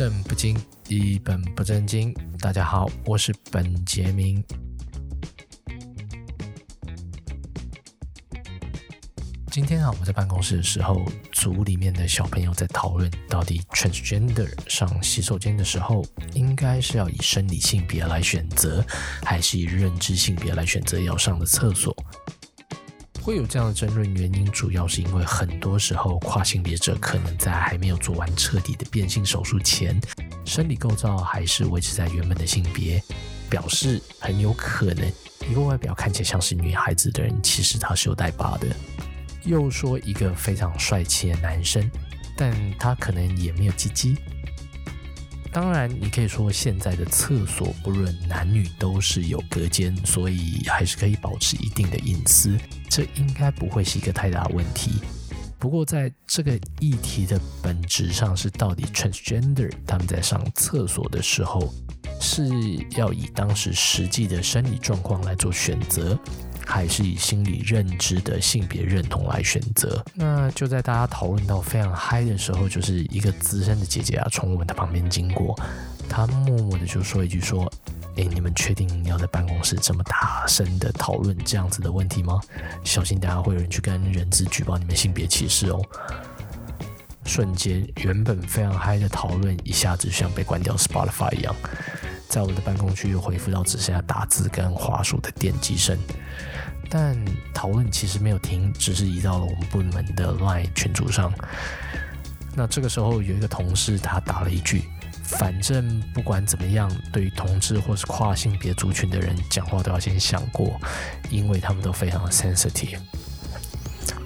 不正不經，一本不正經。大家好，我是本傑明。今天啊，我們在辦公室的時候，組裡面的小朋友在討論，到底 transgender 上洗手間的時候，應該是要以生理性別來選擇，還是以認知性別來選擇要上的廁所？會有這樣的爭論，原因主要是因為很多時候跨性別者可能在還沒有做完徹底的變性手術前，生理構造還是維持在原本的性別，表示很有可能一個外表看起來像是女孩子的人，其實他是有帶把的；又說一個非常帥氣的男生，但他可能也沒有雞雞。當然，你可以說現在的廁所不論男女都是有隔間，所以還是可以保持一定的隱私。這應該不會是一個太大的問題。不過，在這個議題的本質上是，到底 transgender 他們在上廁所的時候，是要以當時實際的生理狀況來做選擇，還是以心理認知的性別認同來選擇？那就在大家討論到非常嗨的時候，就是一個資深的姐姐啊，從我們的旁邊經過，她默默的就說一句說。哎，你們確定你要在辦公室這麼大聲的討論這樣子的問題嗎？小心大家會有人去跟人資舉報你們性別歧視哦。瞬間，原本非常嗨的討論一下子像被關掉 Spotify 一樣，在我們的辦公區又恢復到只剩下打字跟滑鼠的點擊聲。但討論其實沒有停，只是移到了我們部門的 Line 群組上。那這個時候有一個同事他打了一句。反正不管怎麼樣，對於同志或是跨性別族群的人講話，都要先想過，因為他們都非常 sensitive。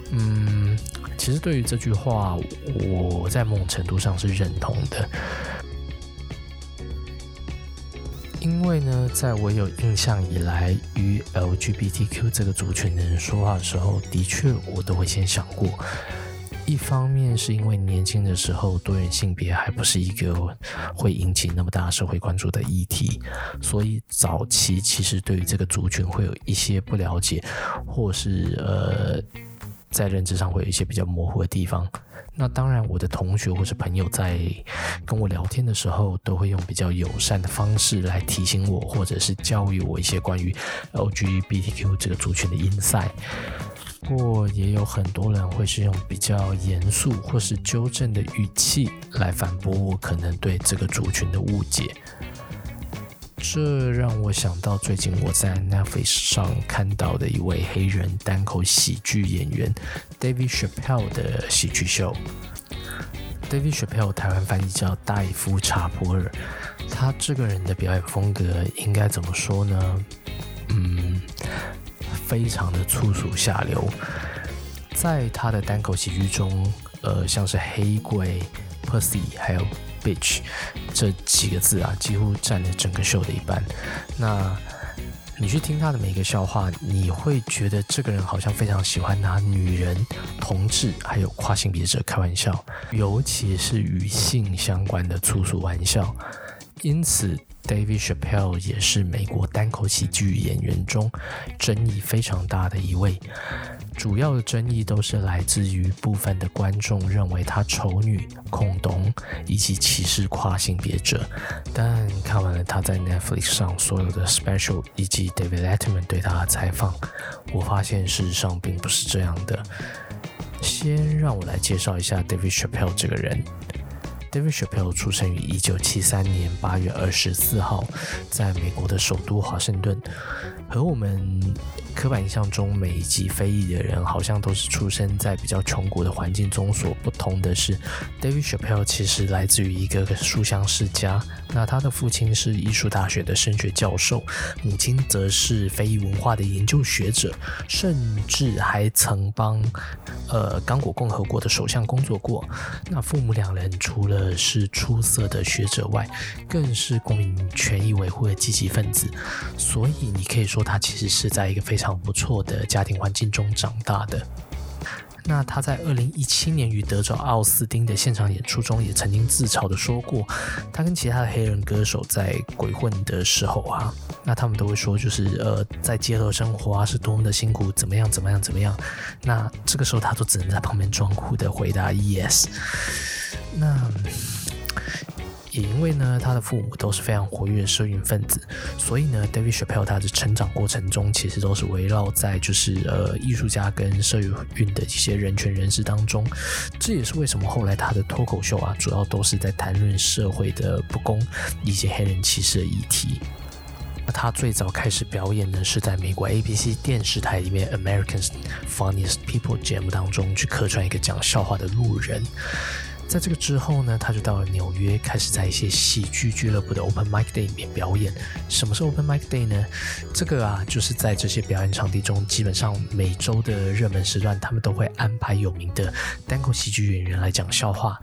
嗯，其實對於這句話，我在某種程度上是認同的，因為呢，在我有印象以來，與 LGBTQ 這個族群的人說話的時候，的確我都會先想過。一方面是因為年輕的時候，多元性別還不是一個會引起那麼大社會關注的議題，所以早期其實對於這個族群會有一些不了解，或是呃，在認知上會有一些比較模糊的地方。那當然，我的同學或是朋友在跟我聊天的時候，都會用比較友善的方式來提醒我，或者是教育我一些關於 LGBTQ 這個族群的 insight。不過也有很多人會是用比較嚴肅或是糾正的語氣來反駁我可能對這個族群的誤解，這讓我想到最近我在 Netflix 上看到的一位黑人單口喜劇演員 David Chappelle 的喜劇秀。David Chappelle 台灣翻譯叫戴夫查普爾，他這個人的表演風格應該怎麼說呢？嗯。非常的粗俗下流，在他的單口喜劇中，呃，像是黑鬼、Pussy，還有 Bitch 這幾個字啊，幾乎佔了整個 show 的一半。那你去聽他的每一個笑話，你會覺得這個人好像非常喜歡拿女人、同志還有跨性別者開玩笑，尤其是與性相關的粗俗玩笑。因此。David Chappelle 也是美國單口喜劇演員中爭議非常大的一位，主要的爭議都是來自於部分的觀眾認為他仇女、恐同以及歧視跨性別者。但看完了他在 Netflix 上所有的 Special 以及 David Letterman 對他的採訪，我發現事實上並不是這樣的。先讓我來介紹一下 David Chappelle 這個人。這位小朋友出生於一九七三年八月二十四號，在美國的首都華盛頓，和我們。刻板印象中，每一級非裔的人好像都是出生在比較窮國的環境中。所不同的是，David Chappelle 其實來自於一個書香世家。那他的父親是藝術大學的聲學教授，母親則是非裔文化的研究學者，甚至還曾幫呃剛果共和國的首相工作過。那父母兩人除了是出色的學者外，更是公民權益維護的積極分子。所以你可以說，他其實是在一個非常。常不錯的家庭環境中長大的，那他在二零一七年與德州奧斯汀的現場演出中，也曾經自嘲的說過，他跟其他的黑人歌手在鬼混的時候啊，那他們都會說，就是呃，在街頭生活啊，是多麼的辛苦，怎麼樣，怎麼樣，怎麼樣，那這個時候，他都只能在旁邊裝酷的回答 yes。那。也因為呢，他的父母都是非常活躍的社運分子，所以呢，Dave Chappelle 他的成長過程中其實都是圍繞在就是呃藝術家跟社運的一些人權人士當中。這也是為什麼後來他的脫口秀啊，主要都是在談論社會的不公以及黑人歧視的議題。那他最早開始表演呢，是在美國 ABC 電視台裡面《American's Funniest People》節目當中去客串一個講笑話的路人。在這個之後呢，他就到了紐約，開始在一些喜劇俱樂部的 Open Mic Day 裡面表演。什麼是 Open Mic Day 呢？這個啊，就是在這些表演場地中，基本上每周的熱門時段，他們都會安排有名的單口喜劇演員來講笑話。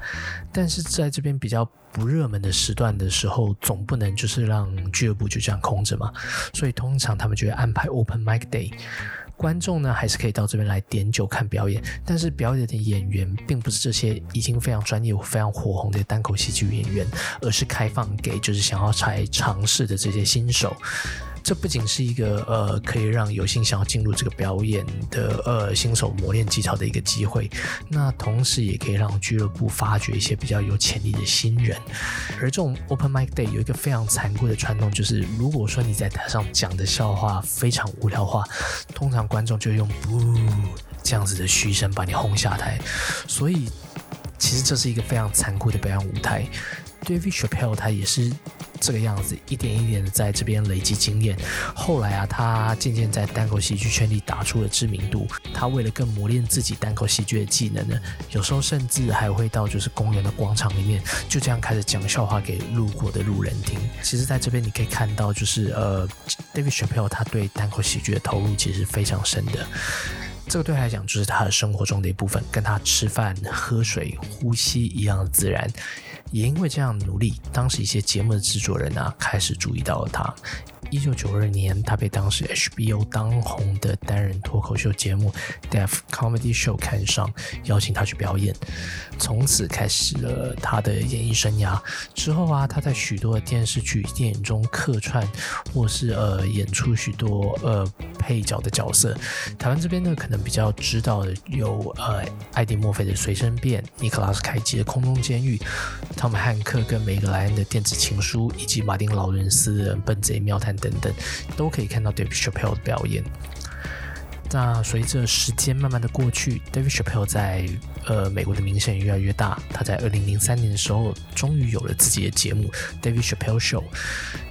但是在這邊比較不熱門的時段的時候，總不能就是讓俱樂部就這樣空着嘛。所以通常他們就會安排 Open Mic Day。觀眾呢，還是可以到這邊來點酒看表演，但是表演的演員並不是這些已經非常專業、非常火紅的單口喜劇演員，而是開放給就是想要來嘗試的這些新手。這不僅是一個呃可以讓有心想要進入這個表演的呃新手磨練技巧的一個機會，那同時也可以讓俱樂部發掘一些比較有潛力的新人。而這種 open mic day 有一個非常殘酷的傳統，就是如果說你在台上講的笑話非常無聊的話，通常觀眾就用“不”這樣子的噓聲把你轟下台。所以其實這是一個非常殘酷的表演舞台。對於 Dave Chappelle 他也是。這個樣子一點一點的在這邊累積經驗，後來啊，他漸漸在單口喜劇圈裡打出了知名度。他為了更磨練自己單口喜劇的技能呢，有時候甚至還會到就是公園的廣場裡面，就這樣開始講笑話給路過的路人聽。其實，在這邊你可以看到，就是呃，Dave Chappelle 他對單口喜劇的投入其實非常深的。這個對他來講，就是他的生活中的一部分，跟他吃飯、喝水、呼吸一樣的自然。也因為這樣的努力，當時一些節目的制作人呢、啊，開始注意到了他。一九九二年，他被當時 HBO 當紅的單人脫口秀節目《Deaf Comedy Show》看上，邀請他去表演，從此開始了他的演藝生涯。之後啊，他在許多的電視劇、電影中客串，或是呃演出許多呃配角的角色。台灣這邊呢，可能比較知道的有呃艾迪·墨菲的《隨身變》，尼克拉斯·凱奇的《空中監獄》，湯姆·漢克跟梅格·萊恩的《電子情書》，以及馬丁·勞倫斯的《笨賊妙探》。等等，都可以看到對 Chappelle 的表演。那隨着時間慢慢的過去，David Chappelle 在呃美國的名聲也越來越大。他在二零零三年的時候，終於有了自己的節目《David Chappelle Show》，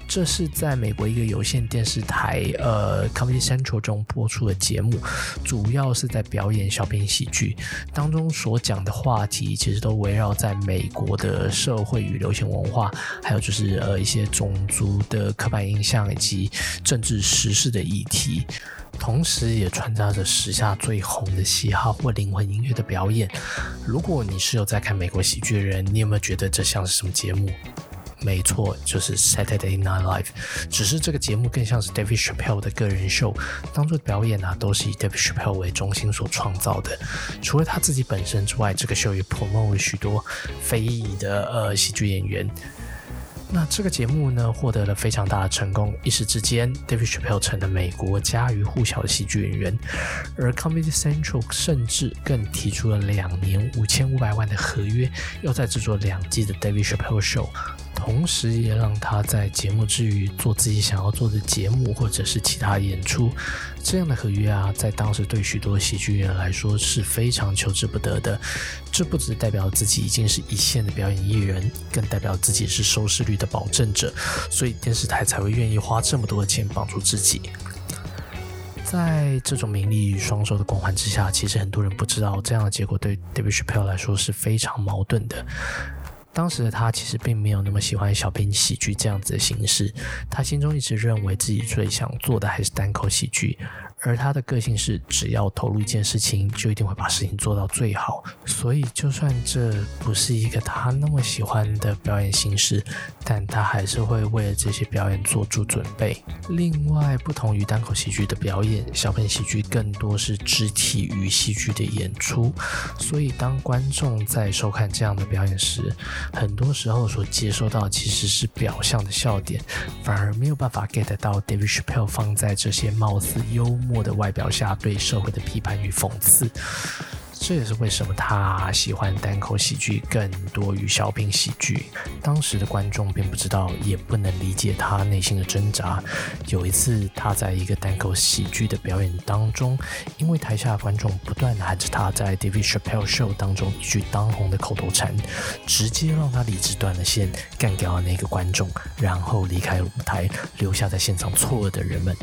這是在美國一個有線電視台呃 Comedy Central 中播出的節目，主要是在表演小品喜劇，當中所講的話題其實都圍繞在美國的社會與流行文化，還有就是呃一些種族的刻板印象以及政治時事的議題。同時也穿插着時下最紅的嘻哈或靈魂音樂的表演。如果你是有在看美國喜劇的人，你有沒有覺得這像是什麼節目？沒錯，就是 Saturday Night Live。只是這個節目更像是 Dave Chappelle 的個人秀，當作表演啊，都是以 Dave Chappelle 為中心所創造的。除了他自己本身之外，這個秀也 promote 了許多非裔的呃喜劇演員。那這個節目呢，獲得了非常大的成功，一時之間，David Chappelle 成了美國家喻戶曉的喜劇演員，而 Comedy Central 甚至更提出了兩年五千五百萬的合約，要再製作兩季的 David Chappelle Show。同時，也讓他在節目之餘做自己想要做的節目，或者是其他演出。這樣的合約啊，在當時對許多喜劇人來說是非常求之不得的。這不只代表自己已經是一線的表演藝人，更代表自己是收視率的保證者，所以電視臺才會願意花這麼多的錢綁住自己。在這種名利與雙收的光環之下，其實很多人不知道，這樣的結果對 Dave Chappelle 來說是非常矛盾的。當時的他其實並沒有那麼喜歡小品喜劇這樣子的形式，他心中一直認為自己最想做的還是單口喜劇。而他的個性是，只要投入一件事情，就一定會把事情做到最好。所以，就算這不是一個他那麼喜歡的表演形式，但他還是會為了這些表演做足準備。另外，不同於單口喜劇的表演，小品喜劇更多是肢體與戲劇的演出。所以，當觀眾在收看這樣的表演時，很多時候所接收到其實是表象的笑點，反而沒有辦法 get 到 Dave Chappelle 放在這些貌似幽默。幕的外表下對社會的批判與諷刺，這也是為什麼他喜歡單口喜劇更多於小品喜劇。當時的觀眾並不知道，也不能理解他內心的掙扎。有一次，他在一個單口喜劇的表演當中，因為台下的觀眾不斷喊着他在《David Chapelle Show》當中一句當紅的口頭禪，直接讓他理智斷了線，幹掉那個觀眾，然後離開舞台，留下在現場錯愕的人們。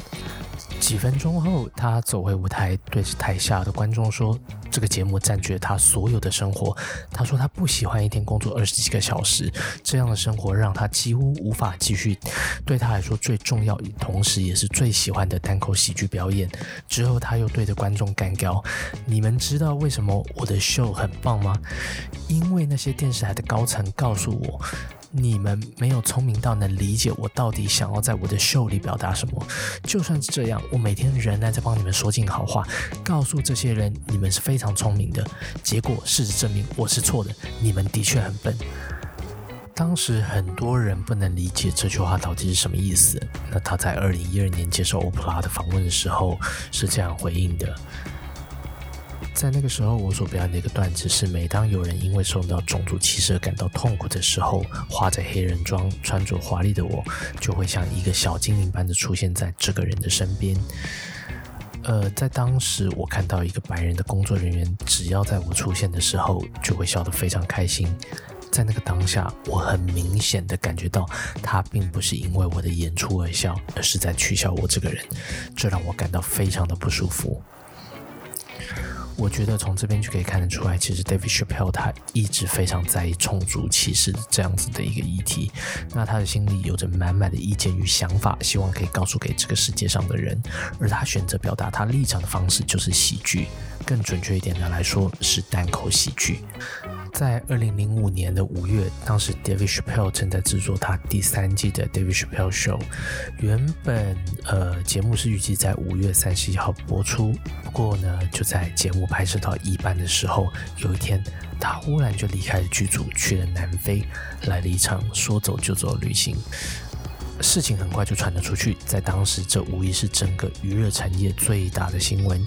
幾分鐘後，他走回舞台，對着台下的觀眾說：“這個節目佔據了他所有的生活。”他說：“他不喜歡一天工作二十幾個小時，這樣的生活讓他幾乎無法繼續。對他來說，最重要同時也是最喜歡的單口喜劇表演。”之後，他又對着觀眾乾笑：“你們知道為什麼我的秀很棒嗎？因為那些電視台的高層告訴我。”你們沒有聰明到能理解我到底想要在我的秀裡表達什麼。就算是這樣，我每天仍然在幫你們說盡好話，告訴這些人你們是非常聰明的。結果事實證明我是錯的，你們的確很笨。當時很多人不能理解這句話到底是什麼意思。那他在二零一二年接受歐普拉的訪問的時候是這樣回應的。在那個時候，我所表演的一個段子是：每當有人因為受到種族歧視而感到痛苦的時候，化著黑人妝、穿着華麗的我，就會像一個小精靈般的出現在這個人的身邊。呃，在當時，我看到一個白人的工作人員，只要在我出現的時候，就會笑得非常開心。在那個當下，我很明顯的感覺到，他並不是因為我的演出而笑，而是在取笑我這個人，這讓我感到非常的不舒服。我覺得從這邊就可以看得出來，其實 David Chappelle 他一直非常在意種族歧視這樣子的一個議題。那他的心裡有着滿滿的意見與想法，希望可以告訴給這個世界上的人。而他選擇表達他立場的方式就是喜劇，更準確一點的來說是單口喜劇。在二零零五年的五月，當時 David Chappelle 正在製作他第三季的 David Chappelle Show，原本呃節目是預計在五月三十一號播出，不過呢，就在節目拍攝到一半的時候，有一天他忽然就離開了劇組，去了南非，來了一場說走就走的旅行。事情很快就傳了出去，在當時，這無疑是整個娛樂產業最大的新聞。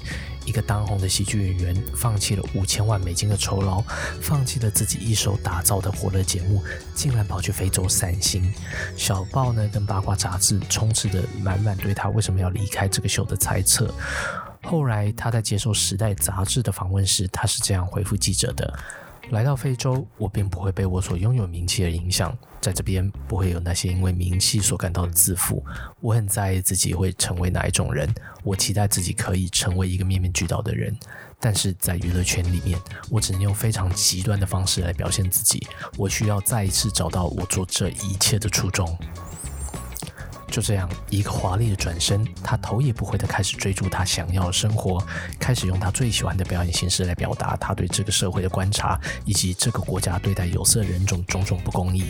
一個當紅的喜劇演員，放棄了五千萬美金的酬勞，放棄了自己一手打造的火熱節目，竟然跑去非洲散心。小報呢，跟八卦雜誌充斥著滿滿對他為什麼要離開這個秀的猜測。後來，他在接受《時代》雜誌的訪問時，他是這樣回復記者的。來到非洲，我便不會被我所擁有名氣而影響，在這邊不會有那些因為名氣所感到的自負。我很在意自己會成為哪一種人，我期待自己可以成為一個面面俱到的人。但是在娛樂圈裡面，我只能用非常極端的方式來表現自己。我需要再一次找到我做這一切的初衷。就這樣，一個華麗的轉身，他頭也不回地開始追逐他想要的生活，開始用他最喜歡的表演形式來表達他對這個社會的觀察，以及這個國家對待有色人種種種不公義。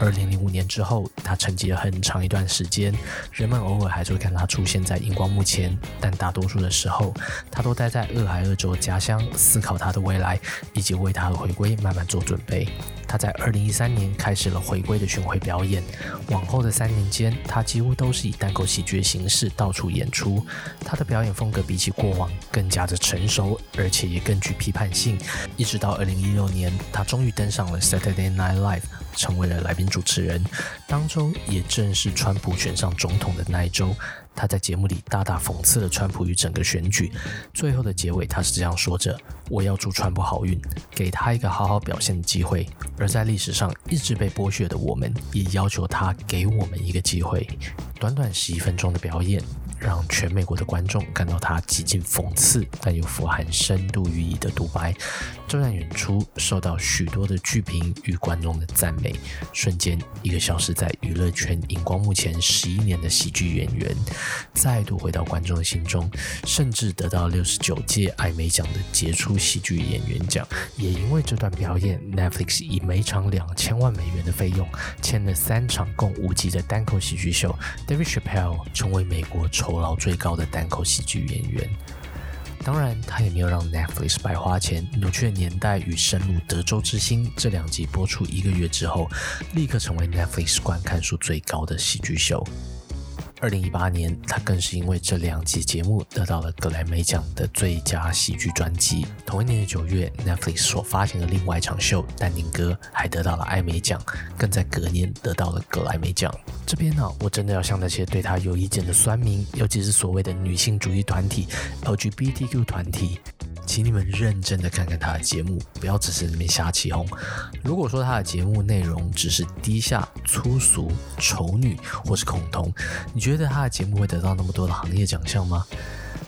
二零零五年之後，他沉寂了很長一段時間，人們偶爾還是會看他出現在熒光幕前，但大多數的時候，他都待在俄亥俄州家鄉，思考他的未來，以及為他的回歸慢慢做準備。他在二零一三年開始了回歸的巡迴表演，往後的三年間，他幾乎都是以單口喜劇形式到處演出。他的表演風格比起過往更加的成熟，而且也更具批判性。一直到二零一六年，他終於登上了 Saturday Night Live，成為了來賓主持人。當周也正是川普選上總統的那一周。他在節目裡大大諷刺了川普與整個選舉，最後的結尾他是這樣說着：“我要祝川普好運，給他一個好好表現的機會。而在歷史上一直被剝削的我們，也要求他給我們一個機會。”短短十一分鐘的表演，讓全美國的觀眾感到他極盡諷刺，但又富含深度寓意的獨白。這段演出受到許多的劇評與觀眾的讚美，瞬間一個消失在娛樂圈熒光幕前十一年的喜劇演員，再度回到觀眾的心中，甚至得到六十九屆艾美獎的傑出喜劇演員獎。也因為這段表演，Netflix 以每場兩千萬美元的費用，簽了三場共五集的單口喜劇秀，Dave Chappelle 成為美國酬勞最高的單口喜劇演員。當然，他也沒有讓 Netflix 白花錢。《扭曲的年代》與《深入德州之心》這兩集播出一個月之後，立刻成為 Netflix 觀看數最高的喜劇秀。二零一八年，他更是因為這兩集節目得到了格萊美獎的最佳喜劇專輯。同一年的九月，Netflix 所發行的另外一場秀《丹寧哥》還得到了艾美獎，更在隔年得到了格萊美獎。這邊呢、啊，我真的要向那些對他有意見的酸民，尤其是所謂的女性主義團體、LGBTQ 團體。請你們認真的看看他的節目，不要只是裡面瞎起鬨。如果說他的節目內容只是低下、粗俗、仇女或是恐同，你覺得他的節目會得到那麼多的行業獎項嗎？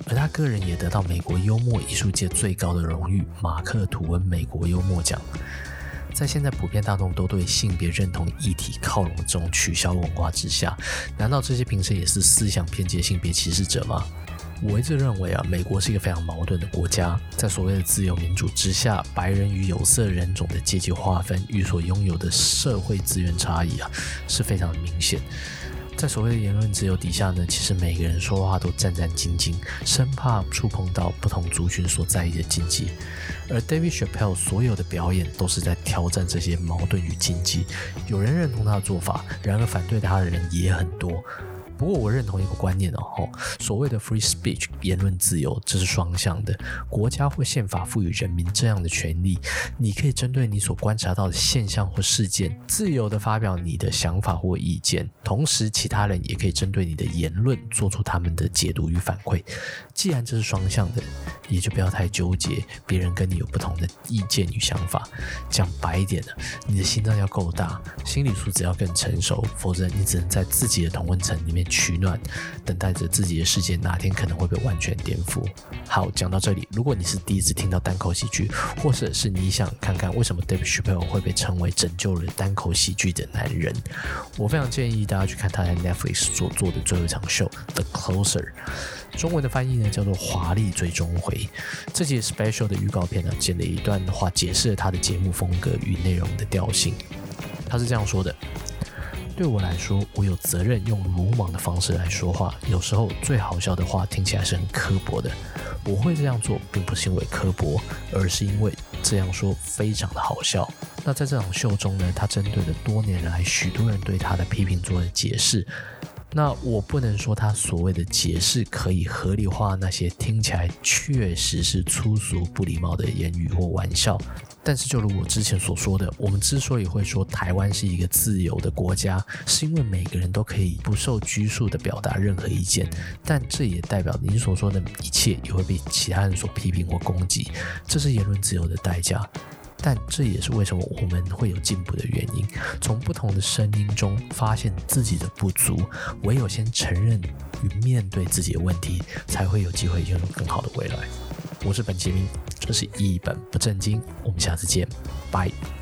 而他個人也得到美國幽默藝術界最高的榮譽——馬克·吐溫美國幽默獎。在現在普遍大眾都對性別認同議題靠攏的這種取消文化之下，難道這些評審也是思想偏見、性別歧視者嗎？我一直認為啊，美國是一個非常矛盾的國家，在所謂的自由民主之下，白人與有色人種的階級劃分與所擁有的社會資源差異啊，是非常的明顯。在所謂的言論自由底下呢，其實每個人說話都戰戰兢兢，生怕觸碰到不同族群所在意的禁忌。而 David Chappelle 所有的表演都是在挑戰這些矛盾與禁忌。有人認同他的做法，然而反對他的人也很多。不過我認同一個觀念哦，哦，所謂的 free speech 言論自由，這是雙向的。國家或憲法賦予人民這樣的權利，你可以針對你所觀察到的現象或事件，自由的發表你的想法或意見，同時其他人也可以針對你的言論做出他們的解讀與反饋。既然這是雙向的，也就不要太糾結別人跟你有不同的意見與想法。講白一點的，啊，你的心臟要夠大，心理素質要更成熟，否則你只能在自己的同溫層裡面。取暖，等待着自己的世界哪天可能會被完全顛覆。好，講到這裡，如果你是第一次聽到單口喜劇，或者是你想看看為什麼 Dave Chappelle 會被稱為拯救了單口喜劇的男人，我非常建議大家去看他在 Netflix 所做的最後一場秀 The Closer，中文的翻譯呢，叫做華麗最終回。這集 Special 的預告片呢，剪了一段話，解釋了他的節目風格與內容的調性。他是這樣說的。對我來說，我有責任用魯莽的方式來說話。有時候最好笑的話聽起來是很刻薄的。我會這樣做，並不是因為刻薄，而是因為這樣說非常的好笑。那在這場秀中呢，他針對了多年來許多人對他的批評做了解釋。那我不能說他所謂的解釋可以合理化那些聽起來確實是粗俗不禮貌的言語或玩笑。但是，就如我之前所說的，我們之所以會說台灣是一個自由的國家，是因為每個人都可以不受拘束地表達任何意見。但這也代表你所說的一切也會被其他人所批評或攻擊，這是言論自由的代價。但這也是為什麼我們會有進步的原因，從不同的聲音中發現自己的不足，唯有先承認與面對自己的問題，才會有機會擁有更好的未來。我是本傑明，這是一本不正經。我們下次見，拜拜。